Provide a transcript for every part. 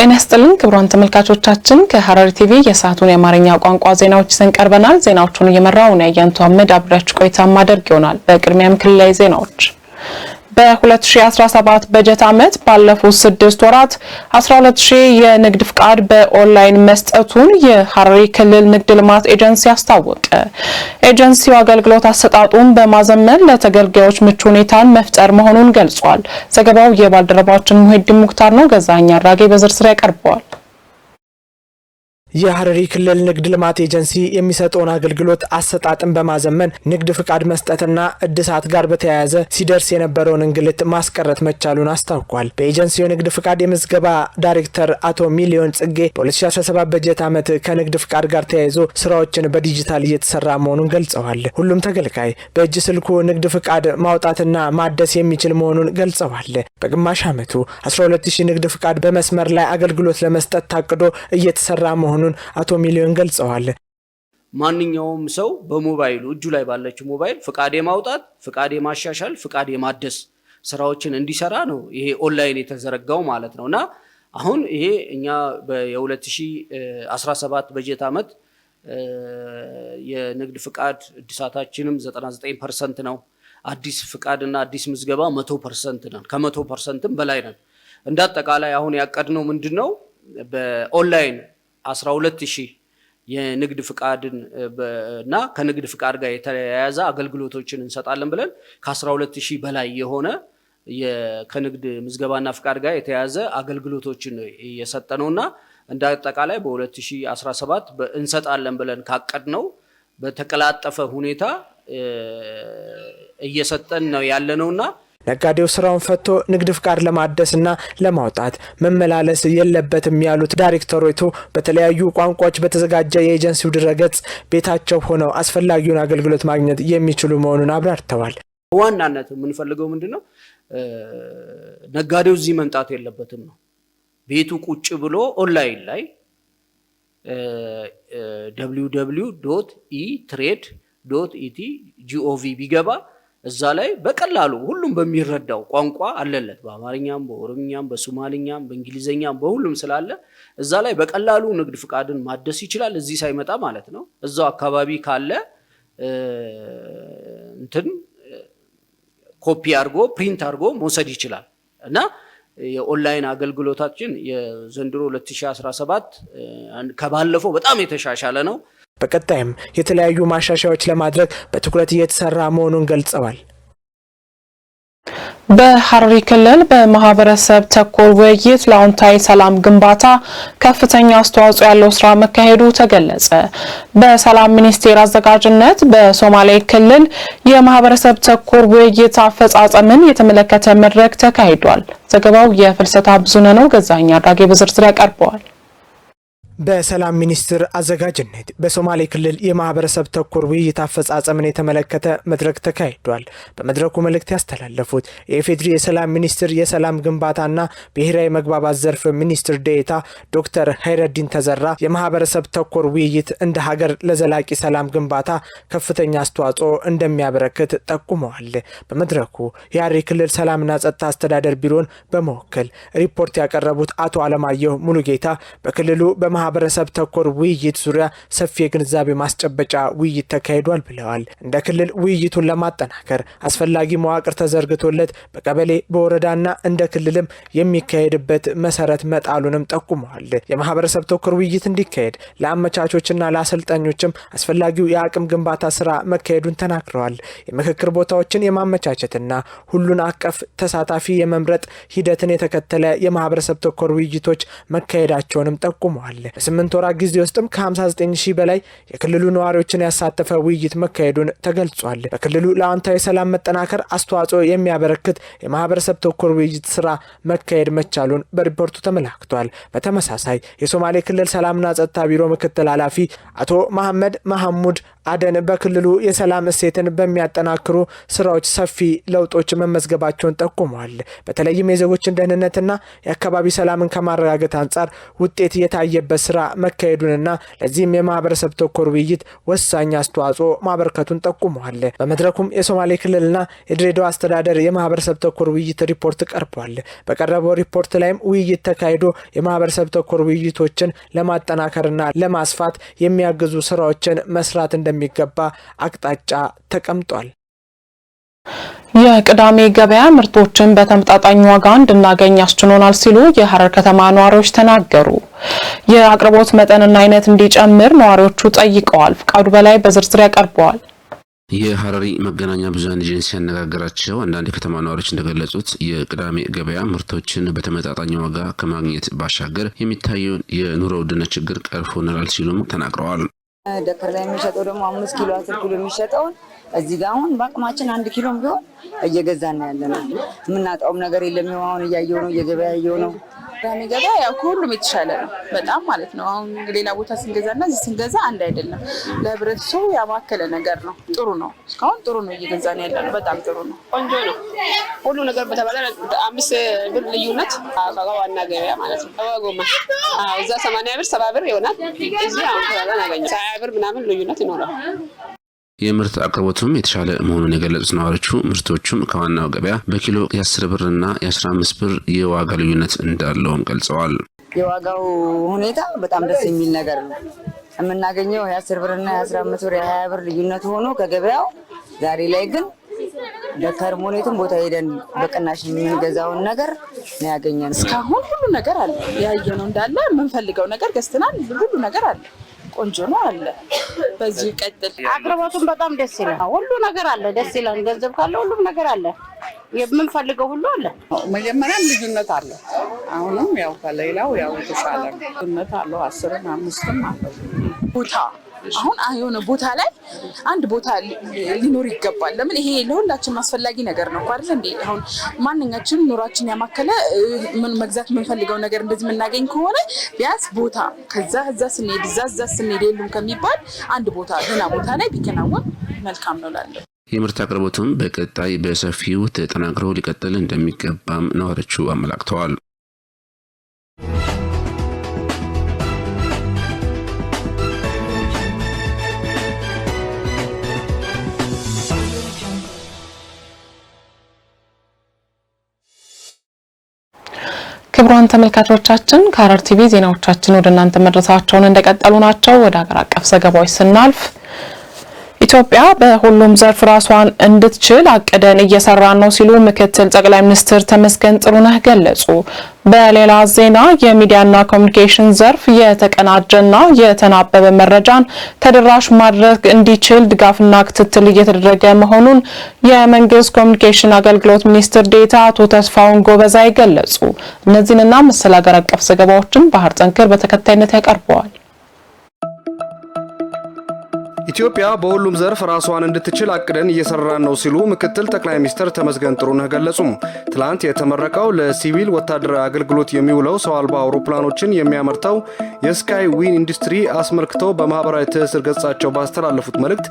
ጤና ይስጥልን ክቡራን ተመልካቾቻችን፣ ከሐረሪ ቲቪ የሰዓቱን የአማርኛ ቋንቋ ዜናዎች ይዘን ቀርበናል። ዜናዎቹን እየመራው ነው ያንቱ አመድ አብራችሁ ቆይታ ማደርግ ይሆናል። በቅድሚያም ክልላዊ ዜናዎች በ2017 በጀት ዓመት ባለፉት ስድስት ወራት 12 የንግድ ፍቃድ በኦንላይን መስጠቱን የሐረሪ ክልል ንግድ ልማት ኤጀንሲ አስታወቀ። ኤጀንሲው አገልግሎት አሰጣጡን በማዘመን ለተገልጋዮች ምቹ ሁኔታን መፍጠር መሆኑን ገልጿል። ዘገባው የባልደረባችን ሙሄድን ሙክታር ነው። ገዛኛ አራጌ በዝርዝር ያቀርበዋል። የሐረሪ ክልል ንግድ ልማት ኤጀንሲ የሚሰጠውን አገልግሎት አሰጣጥን በማዘመን ንግድ ፍቃድ መስጠትና እድሳት ጋር በተያያዘ ሲደርስ የነበረውን እንግልት ማስቀረት መቻሉን አስታውቋል። በኤጀንሲው የንግድ ፍቃድ የምዝገባ ዳይሬክተር አቶ ሚሊዮን ጽጌ በ2017 በጀት ዓመት ከንግድ ፍቃድ ጋር ተያይዞ ስራዎችን በዲጂታል እየተሰራ መሆኑን ገልጸዋል። ሁሉም ተገልጋይ በእጅ ስልኩ ንግድ ፍቃድ ማውጣትና ማደስ የሚችል መሆኑን ገልጸዋል። በግማሽ ዓመቱ 120 ንግድ ፍቃድ በመስመር ላይ አገልግሎት ለመስጠት ታቅዶ እየተሰራ መሆኑን መሆኑን አቶ ሚሊዮን ገልጸዋል። ማንኛውም ሰው በሞባይሉ እጁ ላይ ባለችው ሞባይል ፍቃድ የማውጣት ፍቃድ የማሻሻል ፍቃድ የማደስ ስራዎችን እንዲሰራ ነው ይሄ ኦንላይን የተዘረጋው ማለት ነው እና አሁን ይሄ እኛ የ2017 በጀት ዓመት የንግድ ፍቃድ እድሳታችንም 99 ፐርሰንት ነው። አዲስ ፍቃድ እና አዲስ ምዝገባ መቶ ፐርሰንት ነን። ከመቶ ፐርሰንትም በላይ ነን። እንደ አጠቃላይ አሁን ያቀድነው ምንድን ነው በኦንላይን 12 ሺህ የንግድ ፍቃድን እና ከንግድ ፍቃድ ጋር የተያያዘ አገልግሎቶችን እንሰጣለን ብለን ከ12 ሺህ በላይ የሆነ ከንግድ ምዝገባና ፍቃድ ጋር የተያያዘ አገልግሎቶችን እየሰጠ ነው እና እንደ አጠቃላይ በ2017 እንሰጣለን ብለን ካቀድ ነው በተቀላጠፈ ሁኔታ እየሰጠን ነው ያለ ነው እና ነጋዴው ስራውን ፈቶ ንግድ ፍቃድ ለማደስና ለማውጣት መመላለስ የለበትም ያሉት ዳይሬክተሮቱ በተለያዩ ቋንቋዎች በተዘጋጀ የኤጀንሲው ድረገጽ ቤታቸው ሆነው አስፈላጊውን አገልግሎት ማግኘት የሚችሉ መሆኑን አብራርተዋል። በዋናነት የምንፈልገው ምንድን ነው? ነጋዴው እዚህ መምጣቱ የለበትም ነው። ቤቱ ቁጭ ብሎ ኦንላይን ላይ www ኢ ትሬድ ኢቲ ጂኦቪ ቢገባ እዛ ላይ በቀላሉ ሁሉም በሚረዳው ቋንቋ አለለት። በአማርኛም፣ በኦሮምኛም፣ በሶማልኛም፣ በእንግሊዝኛም በሁሉም ስላለ እዛ ላይ በቀላሉ ንግድ ፍቃድን ማደስ ይችላል። እዚህ ሳይመጣ ማለት ነው። እዛው አካባቢ ካለ እንትን ኮፒ አድርጎ ፕሪንት አድርጎ መውሰድ ይችላል እና የኦንላይን አገልግሎታችን የዘንድሮ 2017 ከባለፈው በጣም የተሻሻለ ነው። በቀጣይም የተለያዩ ማሻሻያዎች ለማድረግ በትኩረት እየተሰራ መሆኑን ገልጸዋል። በሐረሪ ክልል በማህበረሰብ ተኮር ውይይት ለአዎንታዊ ሰላም ግንባታ ከፍተኛ አስተዋጽኦ ያለው ስራ መካሄዱ ተገለጸ። በሰላም ሚኒስቴር አዘጋጅነት በሶማሌ ክልል የማህበረሰብ ተኮር ውይይት አፈጻጸምን የተመለከተ መድረክ ተካሂዷል። ዘገባው የፍልሰታ ብዙነህ ነው። ገዛኛ አድራጌ በዝርዝር ያቀርበዋል። በሰላም ሚኒስቴር አዘጋጅነት በሶማሌ ክልል የማህበረሰብ ተኮር ውይይት አፈጻጸምን የተመለከተ መድረክ ተካሂዷል። በመድረኩ መልእክት ያስተላለፉት የኢፌድሪ የሰላም ሚኒስቴር የሰላም ግንባታና ብሔራዊ መግባባት ዘርፍ ሚኒስትር ዴኤታ ዶክተር ሀይረዲን ተዘራ የማህበረሰብ ተኮር ውይይት እንደ ሀገር ለዘላቂ ሰላም ግንባታ ከፍተኛ አስተዋጽኦ እንደሚያበረክት ጠቁመዋል። በመድረኩ የሐረሪ ክልል ሰላምና ጸጥታ አስተዳደር ቢሮን በመወከል ሪፖርት ያቀረቡት አቶ አለማየሁ ሙሉጌታ በክልሉ በማ በማህበረሰብ ተኮር ውይይት ዙሪያ ሰፊ የግንዛቤ ማስጨበጫ ውይይት ተካሂዷል ብለዋል። እንደ ክልል ውይይቱን ለማጠናከር አስፈላጊ መዋቅር ተዘርግቶለት በቀበሌ በወረዳና እንደ ክልልም የሚካሄድበት መሰረት መጣሉንም ጠቁመዋል። የማህበረሰብ ተኮር ውይይት እንዲካሄድ ለአመቻቾችና ለአሰልጣኞችም አስፈላጊው የአቅም ግንባታ ስራ መካሄዱን ተናግረዋል። የምክክር ቦታዎችን የማመቻቸትና ሁሉን አቀፍ ተሳታፊ የመምረጥ ሂደትን የተከተለ የማህበረሰብ ተኮር ውይይቶች መካሄዳቸውንም ጠቁመዋል። በስምንት ወራት ጊዜ ውስጥም ከ59 ሺህ በላይ የክልሉ ነዋሪዎችን ያሳተፈ ውይይት መካሄዱን ተገልጿል። በክልሉ ለአዎንታዊ ሰላም መጠናከር አስተዋጽኦ የሚያበረክት የማህበረሰብ ተኮር ውይይት ስራ መካሄድ መቻሉን በሪፖርቱ ተመላክቷል። በተመሳሳይ የሶማሌ ክልል ሰላምና ጸጥታ ቢሮ ምክትል ኃላፊ አቶ መሐመድ መሐሙድ አደን በክልሉ የሰላም እሴትን በሚያጠናክሩ ስራዎች ሰፊ ለውጦች መመዝገባቸውን ጠቁመዋል። በተለይም የዜጎችን ደህንነትና የአካባቢ ሰላምን ከማረጋገጥ አንጻር ውጤት የታየበት ስራ መካሄዱንና ለዚህም የማህበረሰብ ተኮር ውይይት ወሳኝ አስተዋጽኦ ማበርከቱን ጠቁመዋል። በመድረኩም የሶማሌ ክልልና የድሬዳዋ አስተዳደር የማህበረሰብ ተኮር ውይይት ሪፖርት ቀርቧል። በቀረበው ሪፖርት ላይም ውይይት ተካሂዶ የማህበረሰብ ተኮር ውይይቶችን ለማጠናከርና ለማስፋት የሚያግዙ ስራዎችን መስራት እንደሚ እንደሚገባ አቅጣጫ ተቀምጧል። የቅዳሜ ገበያ ምርቶችን በተመጣጣኝ ዋጋ እንድናገኝ አስችሎናል ሲሉ የሐረር ከተማ ነዋሪዎች ተናገሩ። የአቅርቦት መጠንና አይነት እንዲጨምር ነዋሪዎቹ ጠይቀዋል። ፍቃዱ በላይ በዝርዝር ያቀርበዋል። የሐረሪ መገናኛ ብዙሃን ኤጀንሲ ያነጋገራቸው አንዳንድ የከተማ ነዋሪዎች እንደገለጹት የቅዳሜ ገበያ ምርቶችን በተመጣጣኝ ዋጋ ከማግኘት ባሻገር የሚታየውን የኑሮ ውድነት ችግር ቀርፎናል ሲሉም ተናግረዋል። ደከር ላይ የሚሸጠው ደግሞ አምስት ኪሎ አስር ኪሎ የሚሸጠውን እዚህ ጋር አሁን በአቅማችን አንድ ኪሎም ቢሆን እየገዛን ያለ ነው። የምናጣውም ነገር የለም። አሁን እያየው ነው፣ እየገበያየው ነው። ቅዳሜ ገበያ ያው ከሁሉም የተሻለ ነው በጣም ማለት ነው። አሁን ሌላ ቦታ ስንገዛ እና እዚህ ስንገዛ አንድ አይደለም። ለህብረተሰቡ ያማከለ ነገር ነው። ጥሩ ነው። እስካሁን ጥሩ ነው እየገዛ ነው ያለ ነው። በጣም ጥሩ ነው። ቆንጆ ነው ሁሉ ነገር በተባለ አምስት ብር ልዩነት አበባ ዋና ገበያ ማለት ነው። አበባ ጎማ እዛ ሰማንያ ብር ሰባ ብር ይሆናል። እዚህ አሁን ተባለ አገኘ ሀያ ብር ምናምን ልዩነት ይኖራል። የምርት አቅርቦቱም የተሻለ መሆኑን የገለጹት ነዋሪዎቹ ምርቶቹም ከዋናው ገበያ በኪሎ የአስር ብር እና የአስራ አምስት ብር የዋጋ ልዩነት እንዳለውም ገልጸዋል። የዋጋው ሁኔታ በጣም ደስ የሚል ነገር ነው የምናገኘው የአስር ብር እና የአስራ አምስት ብር የሀያ ብር ልዩነት ሆኖ ከገበያው ዛሬ ላይ ግን በከርሞኔትም ቦታ ሄደን በቅናሽ የምንገዛውን ነገር ነው ያገኘን። እስካሁን ሁሉ ነገር አለ ያየነው እንዳለ የምንፈልገው ነገር ገዝተናል። ሁሉ ነገር አለ ቆንጆ ነው አለ። በዚህ ቀጥል። አቅርቦቱም በጣም ደስ ይላል። ሁሉ ነገር አለ፣ ደስ ይላል። ገንዘብ ካለ ሁሉም ነገር አለ፣ የምንፈልገው ሁሉ አለ። መጀመሪያም ልዩነት አለ። አሁንም ያው ከሌላው ያው የተሻለ ልዩነት አለው። አስርም አምስትም አለው ቦታ አሁን የሆነ ቦታ ላይ አንድ ቦታ ሊኖር ይገባል። ለምን ይሄ ለሁላችን አስፈላጊ ነገር ነው አይደል እንዴ? አሁን ማንኛችን ኑሯችን ያማከለ ምን መግዛት የምንፈልገው ነገር እንደዚህ የምናገኝ ከሆነ ቢያንስ ቦታ ከዛ እዛ ስንሄድ እዛ እዛ ስንሄድ የሉም ከሚባል አንድ ቦታ ገና ቦታ ላይ ቢከናወን መልካም ነው ላለው የምርት አቅርቦትም በቀጣይ በሰፊው ተጠናክሮ ሊቀጥል እንደሚገባም ነዋሪዎቹ አመላክተዋል። ክቡራን ተመልካቾቻችን ከሐረር ቲቪ ዜናዎቻችን ወደ እናንተ መድረሳቸውን እንደቀጠሉ ናቸው። ወደ ሀገር አቀፍ ዘገባዎች ስናልፍ ኢትዮጵያ በሁሉም ዘርፍ ራሷን እንድትችል አቅደን እየሰራን ነው ሲሉ ምክትል ጠቅላይ ሚኒስትር ተመስገን ጥሩነህ ገለጹ። በሌላ ዜና የሚዲያና ኮሚኒኬሽን ዘርፍ የተቀናጀና የተናበበ መረጃን ተደራሽ ማድረግ እንዲችል ድጋፍና ክትትል እየተደረገ መሆኑን የመንግስት ኮሚኒኬሽን አገልግሎት ሚኒስትር ዴታ አቶ ተስፋውን ጎበዛይ ገለጹ። እነዚህንና መሰል አገር አቀፍ ዘገባዎችን ባህር ጠንክር በተከታይነት ያቀርበዋል። ኢትዮጵያ በሁሉም ዘርፍ ራሷን እንድትችል አቅደን እየሰራን ነው ሲሉ ምክትል ጠቅላይ ሚኒስትር ተመስገን ጥሩነህ ገለጹም። ትላንት የተመረቀው ለሲቪል ወታደራዊ አገልግሎት የሚውለው ሰው አልባ አውሮፕላኖችን የሚያመርተው የስካይ ዊን ኢንዱስትሪ አስመልክተው በማኅበራዊ ትስስር ገጻቸው ባስተላለፉት መልእክት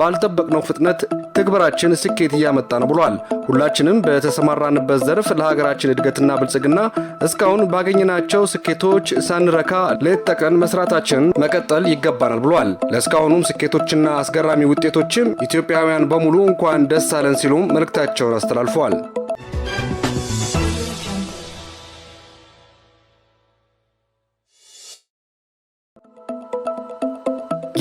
ባልጠበቅነው ፍጥነት ትግበራችን ስኬት እያመጣ ነው ብሏል። ሁላችንም በተሰማራንበት ዘርፍ ለሀገራችን እድገትና ብልጽግና እስካሁን ባገኘናቸው ስኬቶች ሳንረካ ሌት ተቀን መስራታችንን መቀጠል ይገባናል ብሏል። ለእስካሁኑም ስኬቶችና አስገራሚ ውጤቶችም ኢትዮጵያውያን በሙሉ እንኳን ደስ አለን ሲሉም መልእክታቸውን አስተላልፈዋል።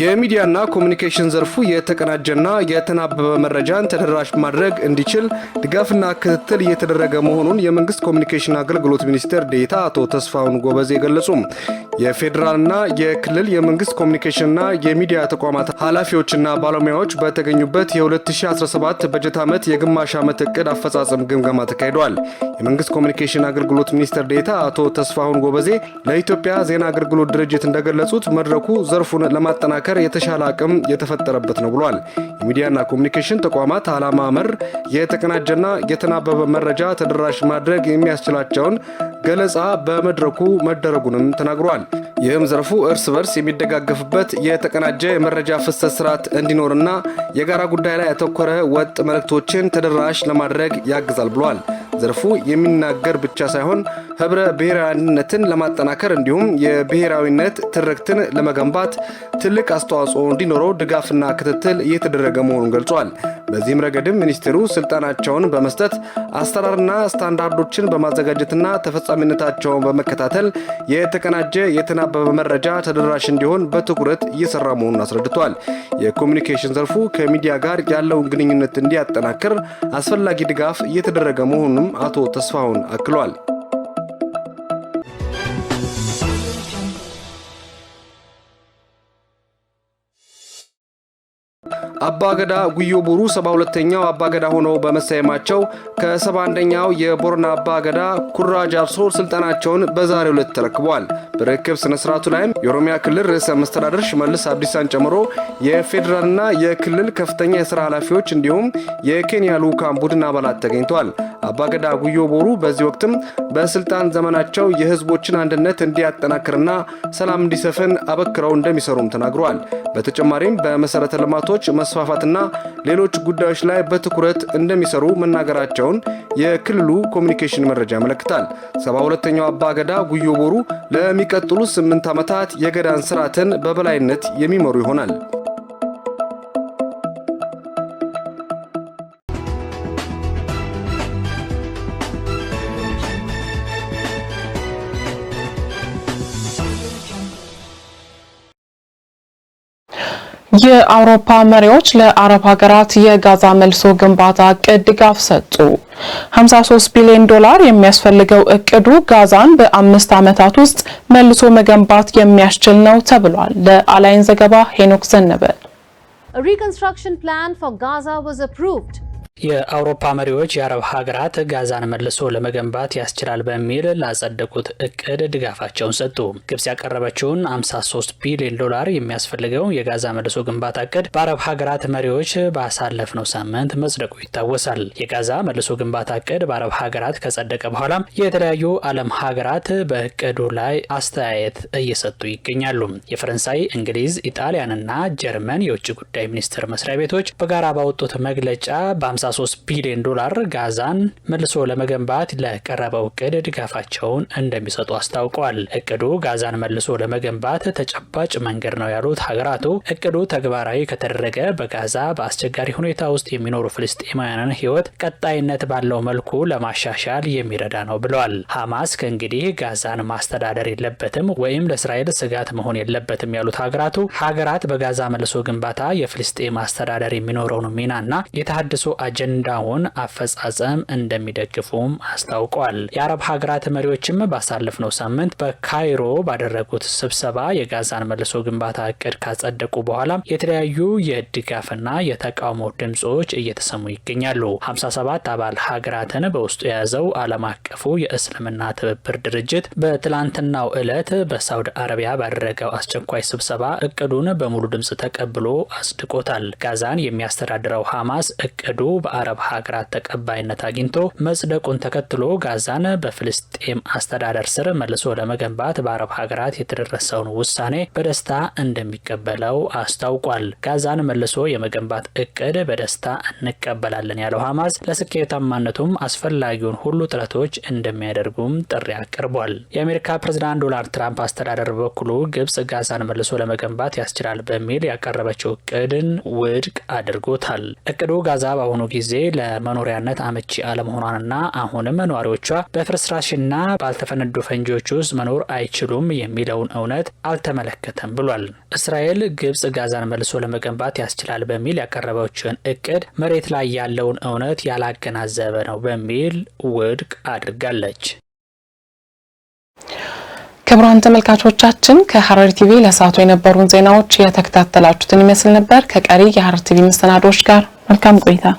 የሚዲያና ኮሚኒኬሽን ዘርፉ የተቀናጀና የተናበበ መረጃን ተደራሽ ማድረግ እንዲችል ድጋፍና ክትትል እየተደረገ መሆኑን የመንግስት ኮሚኒኬሽን አገልግሎት ሚኒስቴር ዴታ አቶ ተስፋውን ጎበዜ ገለጹም። የፌዴራልና የክልል የመንግስት ኮሚኒኬሽንና የሚዲያ ተቋማት ኃላፊዎችና ባለሙያዎች በተገኙበት የ2017 በጀት ዓመት የግማሽ ዓመት እቅድ አፈጻጸም ግምገማ ተካሂደዋል። የመንግስት ኮሚኒኬሽን አገልግሎት ሚኒስትር ዴታ አቶ ተስፋሁን ጎበዜ ለኢትዮጵያ ዜና አገልግሎት ድርጅት እንደገለጹት መድረኩ ዘርፉን ለማጠናከር የተሻለ አቅም የተፈጠረበት ነው ብሏል። የሚዲያና ኮሚኒኬሽን ተቋማት ዓላማ መር የተቀናጀና የተናበበ መረጃ ተደራሽ ማድረግ የሚያስችላቸውን ገለጻ በመድረኩ መደረጉንም ተናግሯል። ይህም ዘርፉ እርስ በርስ የሚደጋገፍበት የተቀናጀ የመረጃ ፍሰት ስርዓት እንዲኖርና የጋራ ጉዳይ ላይ ያተኮረ ወጥ መልእክቶችን ተደራሽ ለማድረግ ያግዛል ብሏል። ዘርፉ የሚናገር ብቻ ሳይሆን ህብረ ብሔራዊ አንድነትን ለማጠናከር እንዲሁም የብሔራዊነት ትርክትን ለመገንባት ትልቅ አስተዋጽኦ እንዲኖረው ድጋፍና ክትትል እየተደረገ መሆኑን ገልጿል። በዚህም ረገድም ሚኒስቴሩ ስልጠናቸውን በመስጠት አሰራርና ስታንዳርዶችን በማዘጋጀትና ተፈጻሚነታቸውን በመከታተል የተቀናጀ የተናበበ መረጃ ተደራሽ እንዲሆን በትኩረት እየሰራ መሆኑን አስረድቷል። የኮሚኒኬሽን ዘርፉ ከሚዲያ ጋር ያለውን ግንኙነት እንዲያጠናክር አስፈላጊ ድጋፍ እየተደረገ መሆኑንም አቶ ተስፋሁን አክሏል። አባገዳ ጉዮ ቡሩ 72ኛው አባገዳ ሆነው በመሰየማቸው ከ71ኛው የቦረና አባገዳ ኩራ ጃብሶ ስልጣናቸውን በዛሬው ዕለት ተረክቧል። በርክብ ስነ ስርዓቱ ላይም የኦሮሚያ ክልል ርዕሰ መስተዳደር ሽመልስ አብዲሳን ጨምሮ የፌዴራልና የክልል ከፍተኛ የስራ ኃላፊዎች እንዲሁም የኬንያ ልዑካን ቡድን አባላት ተገኝተዋል። አባገዳ ጉዮ ቦሩ በዚህ ወቅትም በስልጣን ዘመናቸው የህዝቦችን አንድነት እንዲያጠናክርና ሰላም እንዲሰፍን አበክረው እንደሚሰሩም ተናግረዋል። በተጨማሪም በመሰረተ ልማቶች መስፋፋትና ሌሎች ጉዳዮች ላይ በትኩረት እንደሚሰሩ መናገራቸውን የክልሉ ኮሚኒኬሽን መረጃ ያመለክታል። ሰባ ሁለተኛው አባ ገዳ ጉዮ ቦሩ ለሚቀጥሉ ስምንት ዓመታት የገዳን ስርዓትን በበላይነት የሚመሩ ይሆናል። የአውሮፓ መሪዎች ለአረብ ሀገራት የጋዛ መልሶ ግንባታ እቅድ ድጋፍ ሰጡ። 53 ቢሊዮን ዶላር የሚያስፈልገው እቅዱ ጋዛን በአምስት ዓመታት ውስጥ መልሶ መገንባት የሚያስችል ነው ተብሏል። ለአላይን ዘገባ ሄኖክ ዘነበ። ሪኮንስትራክሽን ፕላን ፎር ጋዛ ዋዝ አፕሩቭድ የአውሮፓ መሪዎች የአረብ ሀገራት ጋዛን መልሶ ለመገንባት ያስችላል በሚል ላጸደቁት እቅድ ድጋፋቸውን ሰጡ። ግብጽ ያቀረበችውን 53 ቢሊዮን ዶላር የሚያስፈልገው የጋዛ መልሶ ግንባታ እቅድ በአረብ ሀገራት መሪዎች ባሳለፍነው ሳምንት መጽደቁ ይታወሳል። የጋዛ መልሶ ግንባታ እቅድ በአረብ ሀገራት ከጸደቀ በኋላ የተለያዩ ዓለም ሀገራት በእቅዱ ላይ አስተያየት እየሰጡ ይገኛሉ። የፈረንሳይ፣ እንግሊዝ፣ ኢጣሊያንና ጀርመን የውጭ ጉዳይ ሚኒስቴር መስሪያ ቤቶች በጋራ ባወጡት መግለጫ በ 53 ቢሊዮን ዶላር ጋዛን መልሶ ለመገንባት ለቀረበው እቅድ ድጋፋቸውን እንደሚሰጡ አስታውቀዋል። እቅዱ ጋዛን መልሶ ለመገንባት ተጨባጭ መንገድ ነው ያሉት ሀገራቱ እቅዱ ተግባራዊ ከተደረገ በጋዛ በአስቸጋሪ ሁኔታ ውስጥ የሚኖሩ ፍልስጤማውያንን ሕይወት ቀጣይነት ባለው መልኩ ለማሻሻል የሚረዳ ነው ብለዋል። ሐማስ ከእንግዲህ ጋዛን ማስተዳደር የለበትም ወይም ለእስራኤል ስጋት መሆን የለበትም ያሉት ሀገራቱ ሀገራት በጋዛ መልሶ ግንባታ የፍልስጤም አስተዳደር የሚኖረውን ሚናና የተሃድሶ አጀንዳውን አፈጻጸም እንደሚደግፉም አስታውቋል። የአረብ ሀገራት መሪዎችም ባሳለፍነው ሳምንት በካይሮ ባደረጉት ስብሰባ የጋዛን መልሶ ግንባታ እቅድ ካጸደቁ በኋላ የተለያዩ የድጋፍና የተቃውሞ ድምጾች እየተሰሙ ይገኛሉ። 57 አባል ሀገራትን በውስጡ የያዘው ዓለም አቀፉ የእስልምና ትብብር ድርጅት በትላንትናው ዕለት በሳውዲ አረቢያ ባደረገው አስቸኳይ ስብሰባ እቅዱን በሙሉ ድምጽ ተቀብሎ አጽድቆታል። ጋዛን የሚያስተዳድረው ሐማስ እቅዱ በአረብ ሀገራት ተቀባይነት አግኝቶ መጽደቁን ተከትሎ ጋዛን በፍልስጤም አስተዳደር ስር መልሶ ለመገንባት በአረብ ሀገራት የተደረሰውን ውሳኔ በደስታ እንደሚቀበለው አስታውቋል። ጋዛን መልሶ የመገንባት እቅድ በደስታ እንቀበላለን ያለው ሐማስ ለስኬታማነቱም አስፈላጊውን ሁሉ ጥረቶች እንደሚያደርጉም ጥሪ አቅርቧል። የአሜሪካ ፕሬዝዳንት ዶናልድ ትራምፕ አስተዳደር በበኩሉ ግብጽ ጋዛን መልሶ ለመገንባት ያስችላል በሚል ያቀረበችው እቅድን ውድቅ አድርጎታል። እቅዱ ጋዛ በአሁኑ ጊዜ ለመኖሪያነት አመቺ አለመሆኗንና አሁንም ነዋሪዎቿ በፍርስራሽና ባልተፈነዱ ፈንጂዎች ውስጥ መኖር አይችሉም የሚለውን እውነት አልተመለከተም ብሏል። እስራኤል ግብጽ ጋዛን መልሶ ለመገንባት ያስችላል በሚል ያቀረበችውን እቅድ መሬት ላይ ያለውን እውነት ያላገናዘበ ነው በሚል ውድቅ አድርጋለች። ክቡራን ተመልካቾቻችን ከሐረሪ ቲቪ ለሰዓቱ የነበሩን ዜናዎች የተከታተላችሁትን ይመስል ነበር። ከቀሪ የሐረሪ ቲቪ መሰናዶዎች ጋር መልካም ቆይታ